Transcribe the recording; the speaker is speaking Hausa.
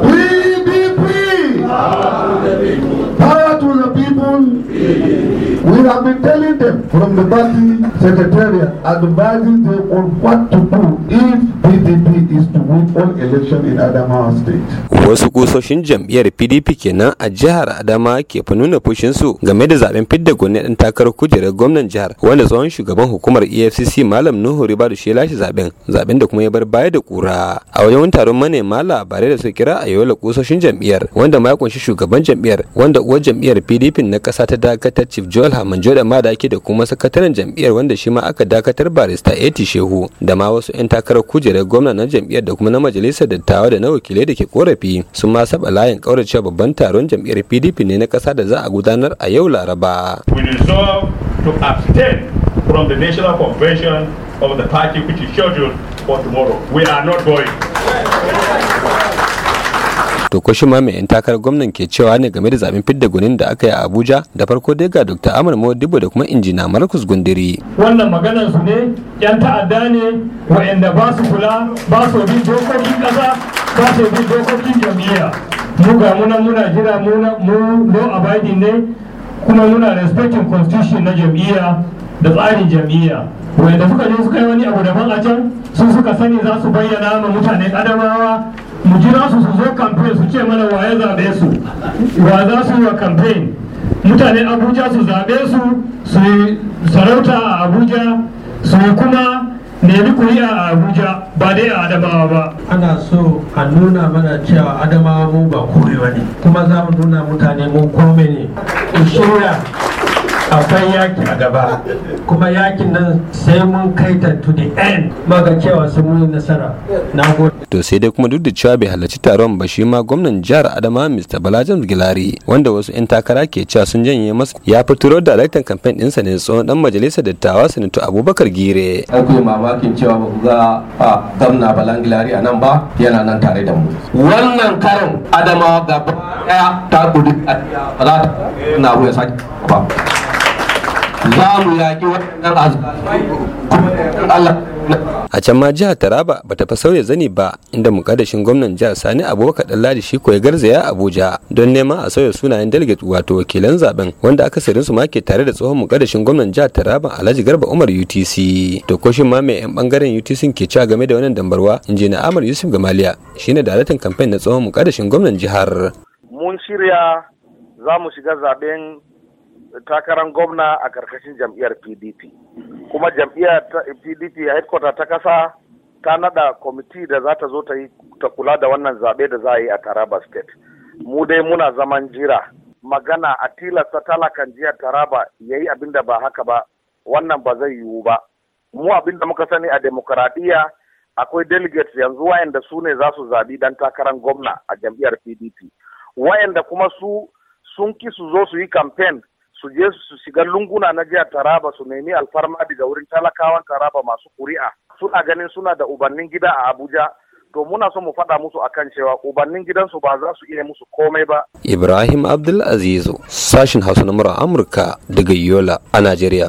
We be free. Power to the people. We have been telling them from the party secretariat, advising them on what to do if PDP is to win all election in Adamawa State. Wasu kusoshin jam'iyyar PDP kenan a jihar Adama ke fa nuna su game da zaben fidda gwani ɗan takarar kujerar gwamnan jihar wanda tsohon shugaban hukumar EFCC Malam Nuhu Ribadu shi lashe zaben zaben da kuma ya bar baya da kura. A wajen taron manema labarai da suka kira a yola kusoshin jam'iyyar wanda ma ya kunshi shugaban jam'iyyar wanda uwar jam'iyyar PDP na ƙasa ta dakatar Chief Joel Hamani Mamman Jordan Madaki da kuma sakataren jam'iyyar wanda shi ma aka dakatar barista Eti Shehu da ma wasu 'yan takarar kujerar gwamna na jam'iyyar da kuma na majalisar dattawa da na wakilai da ke korafi sun ma saba layin kauracewa babban taron jam'iyyar PDP ne na kasa da za a gudanar a yau Laraba. We resolve to abstain from the National Convention of the party which is scheduled for tomorrow. We are not going. to ko ma mai yan takarar gwamnan ke cewa ne game da zaben fidda gunin da aka yi a Abuja da farko dai ga Dr. Amar Modibo da kuma injina marcus Gundiri wannan maganar su ne yan ta'adda ne wa'anda ba su kula ba su bin dokokin kasa ba su bin dokokin jami'a mu ga muna muna jira mu no abiding ne kuma muna respecting constitution na jami'a da tsarin jami'a wanda suka je suka yi wani abu daban a can su suka sani za su bayyana ma mutane adamawa mu jira su su zo kamfen su ce mana waye zaɓe su wa za su yi wa kamfen mutane abuja su zaɓe su su sarauta a abuja su kuma nemi kuri'a a abuja ba dai a adamawa ba ana so a nuna mana cewa adamawa mu ba kuri ne kuma za mu nuna mutane mu kome ne ku shirya akwai yaki a gaba kuma yakin nan sai mun kai ta to the end maga cewa sun mun nasara na to sai dai kuma duk da cewa bai halarci taron ba shi ma gwamnan jihar adama mr balajan gilari wanda wasu 'yan takara ke cewa sun janye masa ya fituro da daraktan kamfen ɗinsa ne tsohon dan majalisar dattawa sanatu abubakar gire ku yi mamakin cewa ba ku ga gwamna bala gilari a nan ba yana nan tare da mu wannan karin adama gaba daya ta gudu a za ta na ya sake ba za mu yaƙi waɗannan a can ma jihar taraba ba ta fa sauya zani ba inda mukaddashin gwamnan jihar sani abubakar ladi shi koyi garzaya abuja don neman a sauya sunayen delegate wato wakilan zaben wanda aka akasarin su make tare da tsohon mukaddashin gwamnan jihar taraba alhaji garba umar utc to ko shin ma mai yan bangaren utc ke cewa game da wannan dambarwa na amar yusuf gamaliya shi ne daraktan kamfen na tsohon mukaddashin gwamnan jihar mun shirya za mu shiga zaben takarar gwamna a karkashin jam'iyyar pdp kuma jam'iyyar pdp a headquarter ta kasa ta nada kwamiti da za ta zo ta yi ta kula da wannan zaɓe da za a yi a taraba state mu dai muna zaman jira magana a tilasta talakan jihar taraba ya yi abin da ba haka ba wannan ba zai yiwu ba mu abin da muka sani a demokaradiyya akwai delegates yanzu wayanda su ne za su zaɓi dan takarar gwamna a jam'iyyar pdp wayanda kuma su sun ki su zo su yi campaign su je su shiga lunguna na jihar Taraba su nemi alfarma daga wurin talakawan Taraba masu kuri'a suna ganin suna da ubannin gida a Abuja to muna so mu faɗa musu akan cewa ubannin gidansu ba za su iya musu komai ba. Ibrahim Abdul Azizu sashin Hausa na Amurka daga Yola a Najeriya.